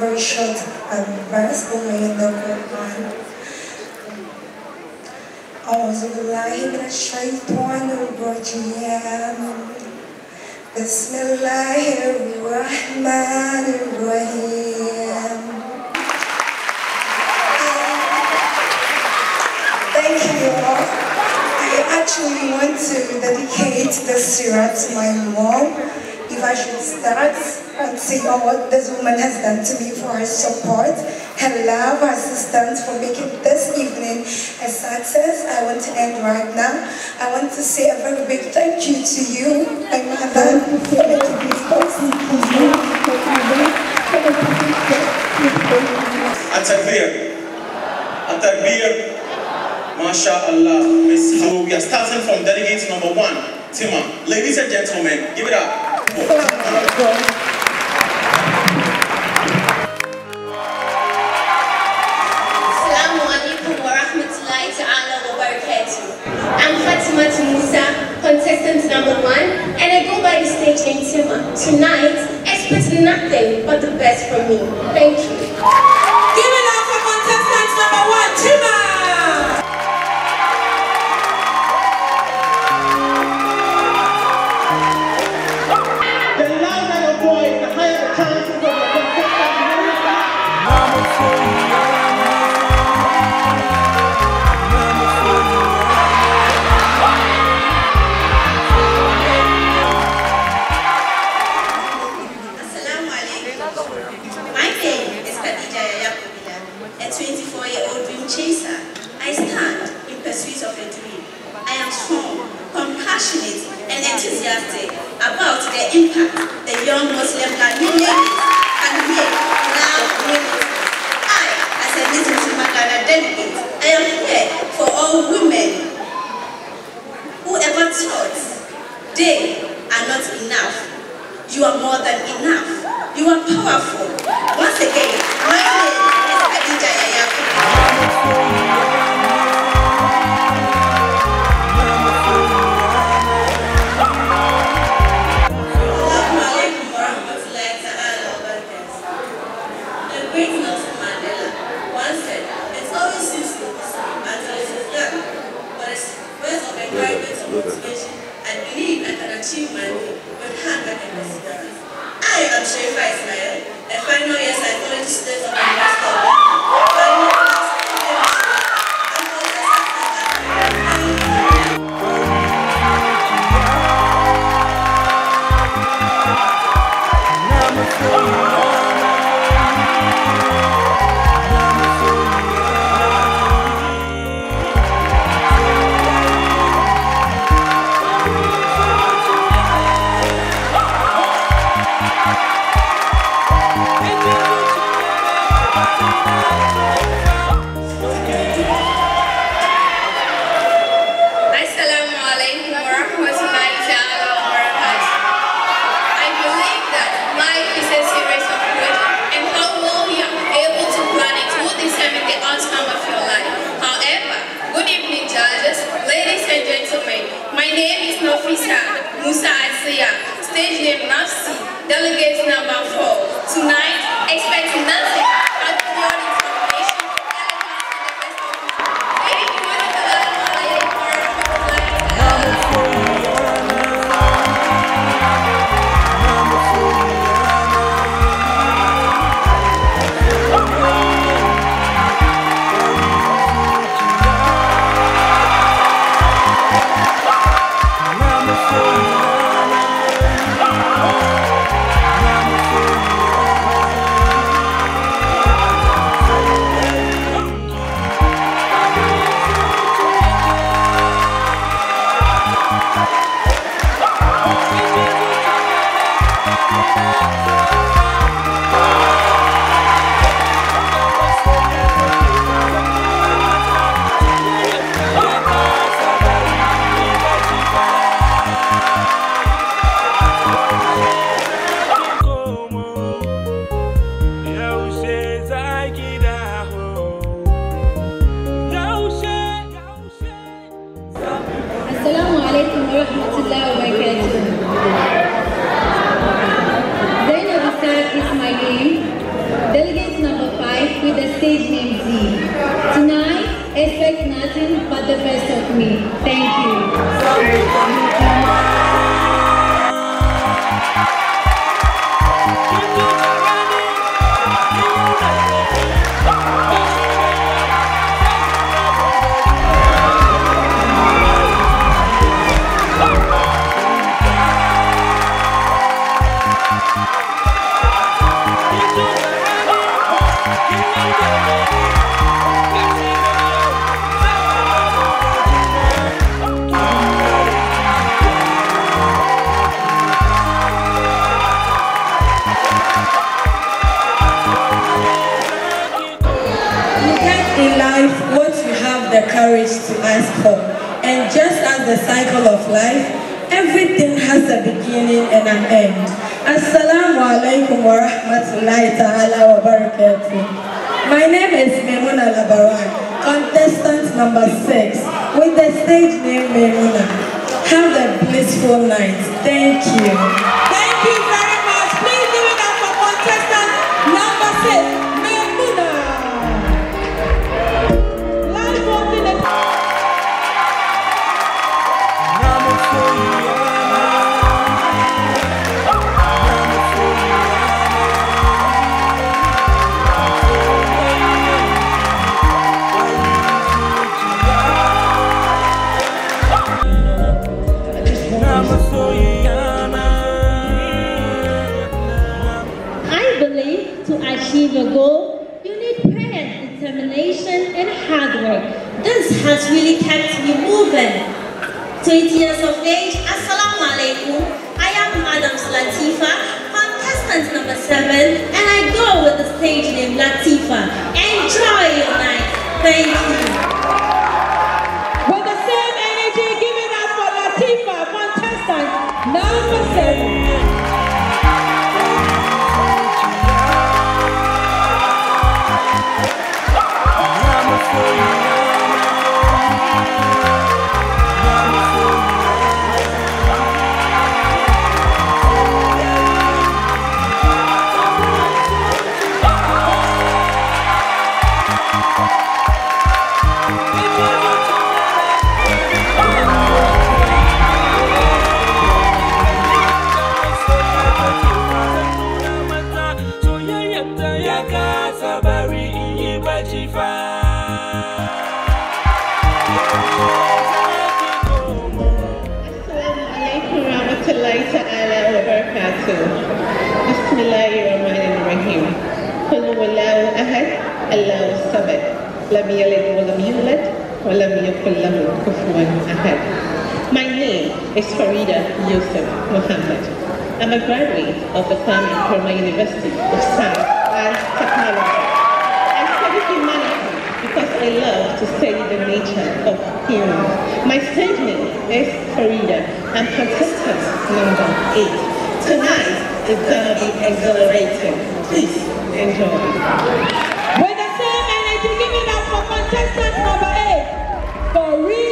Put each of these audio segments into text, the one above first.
very unrest in the Quran. أعوذ بالله من الشيطان الرجيم بسم الله الرحمن الرحيم Thank you all. I actually want to dedicate this surah to my mom if I should start and say, oh, what this woman has done to me for her support, her love, her assistance for making this evening a success. I want to end right now. I want to say a very big thank you to you, my mother, for making this possible. التكبير التكبير ما شاء الله Miss Hallelujah starting from delegate number one Tima ladies and gentlemen give it up I'm Fatima Musa, contestant number one, and I go by the stage name Tima. Tonight, expect nothing but the best from me. Thank you. Then of the staff is my name, delegate number 5 with the stage name Z. Tonight, expect nothing but the best of me. Thank you. courage to ask for. And just as the cycle of life, everything has a beginning and an end. Assalamu alaikum wa rahmatullahi ta'ala wa barakatuh. My name is Memuna Labaran, contestant number six, with the stage name Memuna. Have a blissful night. Thank you. Thank you very much. Please give it up for contestant number six. name is Farida Yusuf Mohammed. I'm a graduate of the Kwame Nkrumah University of Science and Technology. I study humanity because I love to study the nature of humans. My stage name is Farida. and am contestant number eight. Tonight is gonna be exhilarating. Please enjoy. With the same energy, give it up for contestant number eight, Farida.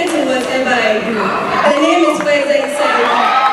attention was invited. The name is Wes Excel.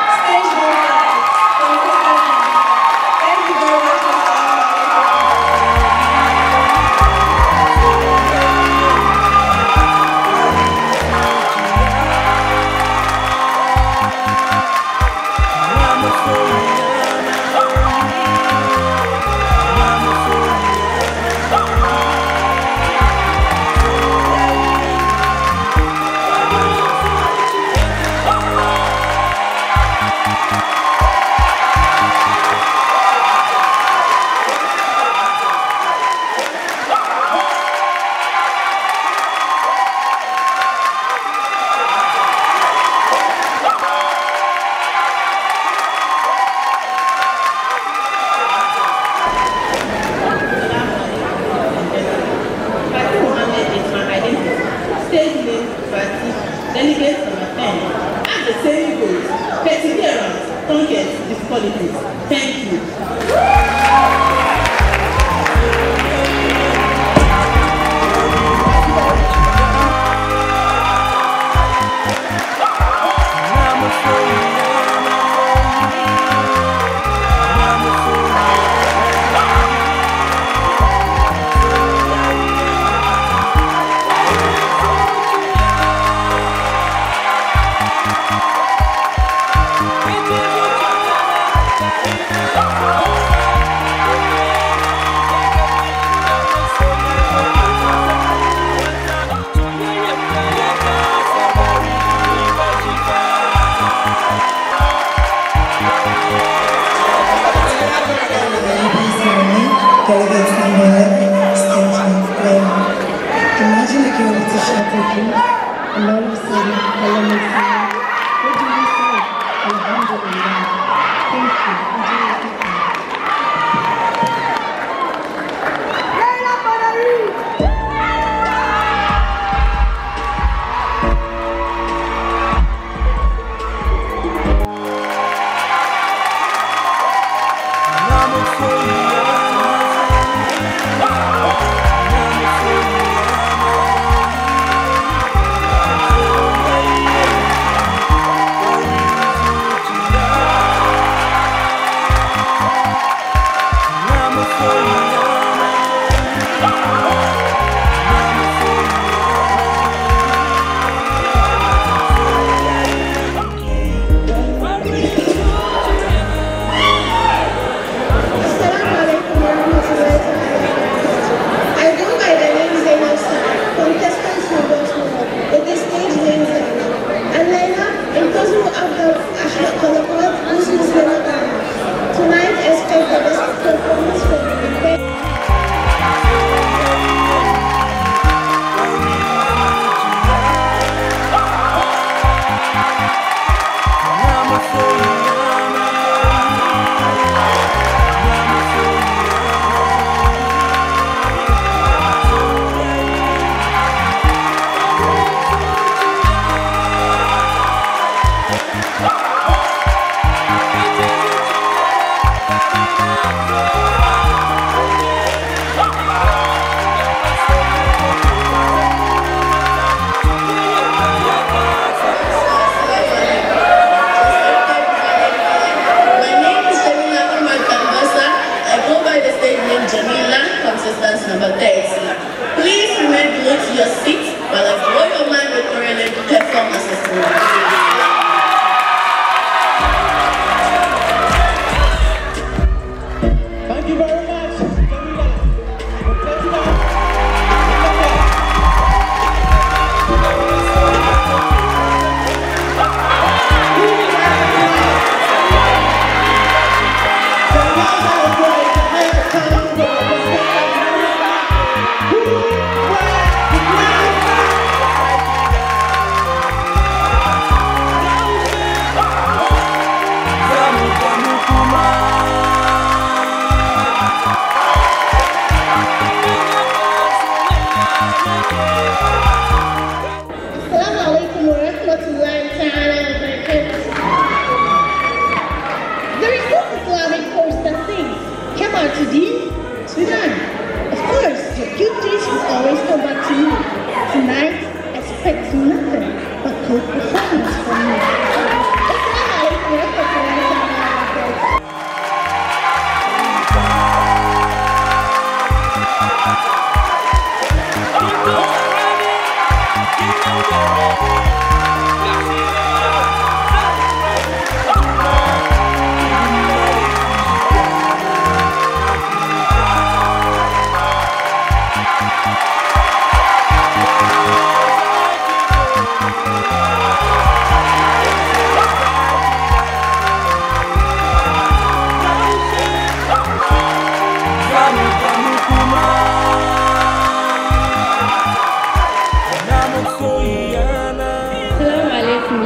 takes nothing but good performance from you.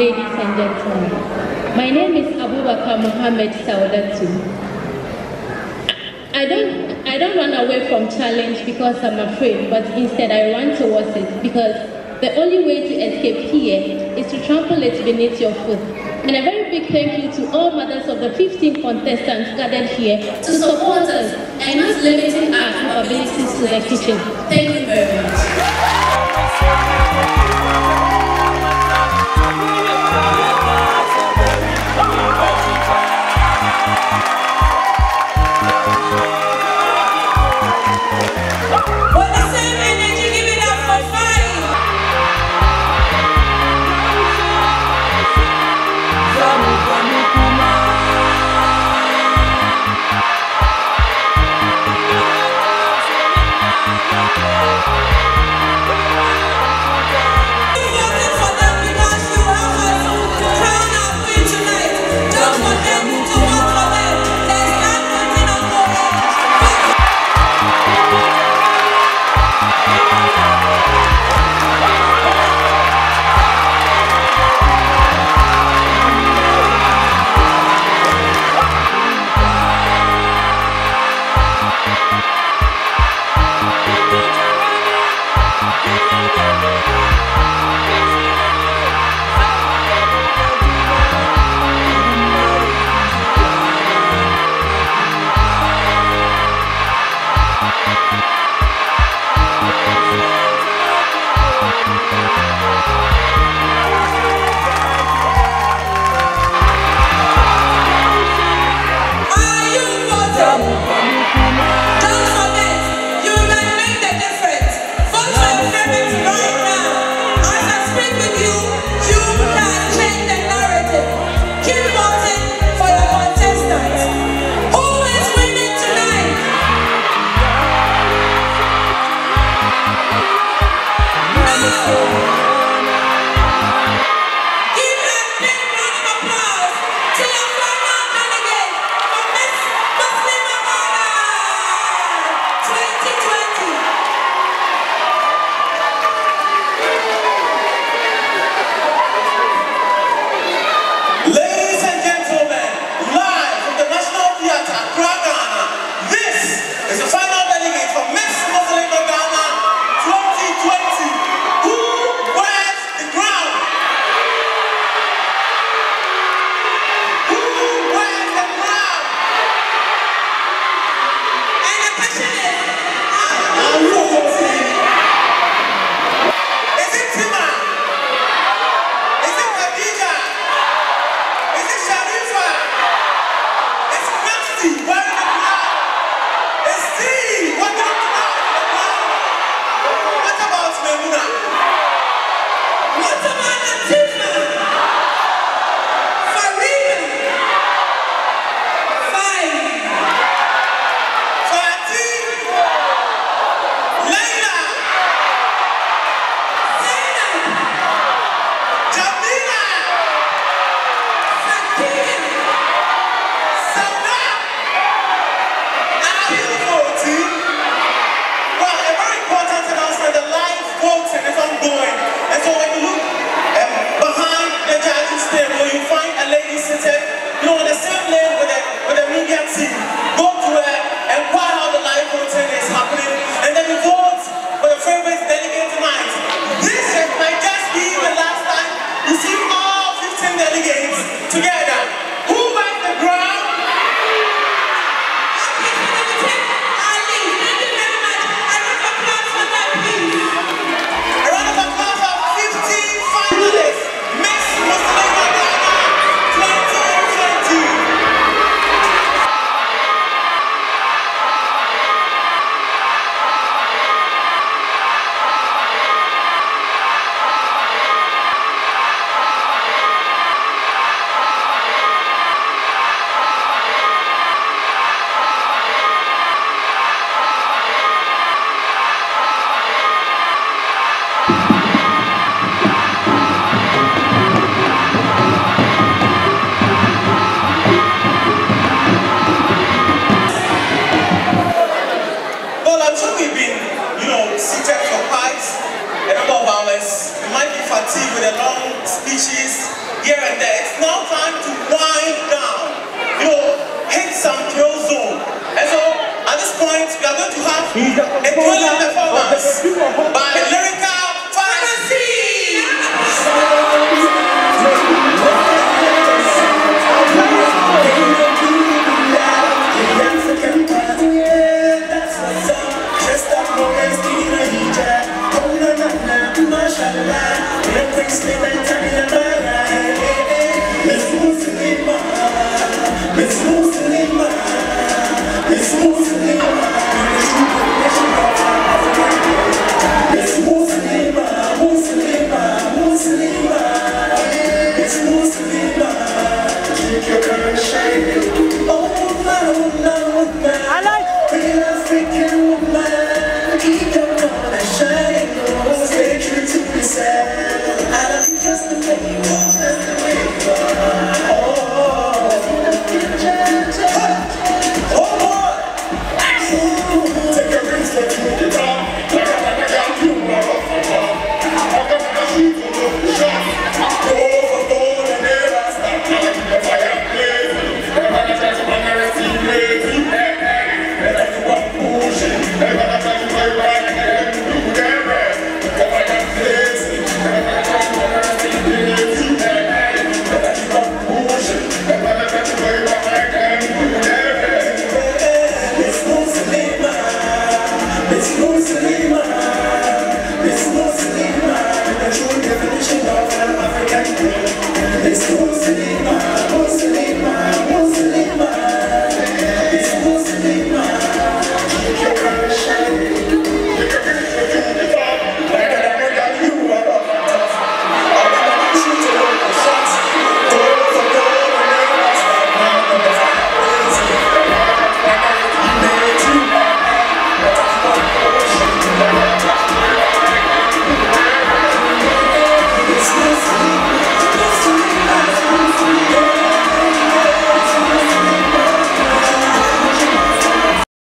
ladies and gentlemen. My name is Abubakar Mohammed Saudatu. I don't, I don't run away from challenge because I'm afraid, but instead I run towards it because the only way to escape here is to trample it beneath your foot. And a very big thank you to all mothers of the 15 contestants gathered here to, to support us and not limiting our capabilities to the kitchen. Thank you very much. Yeah, that's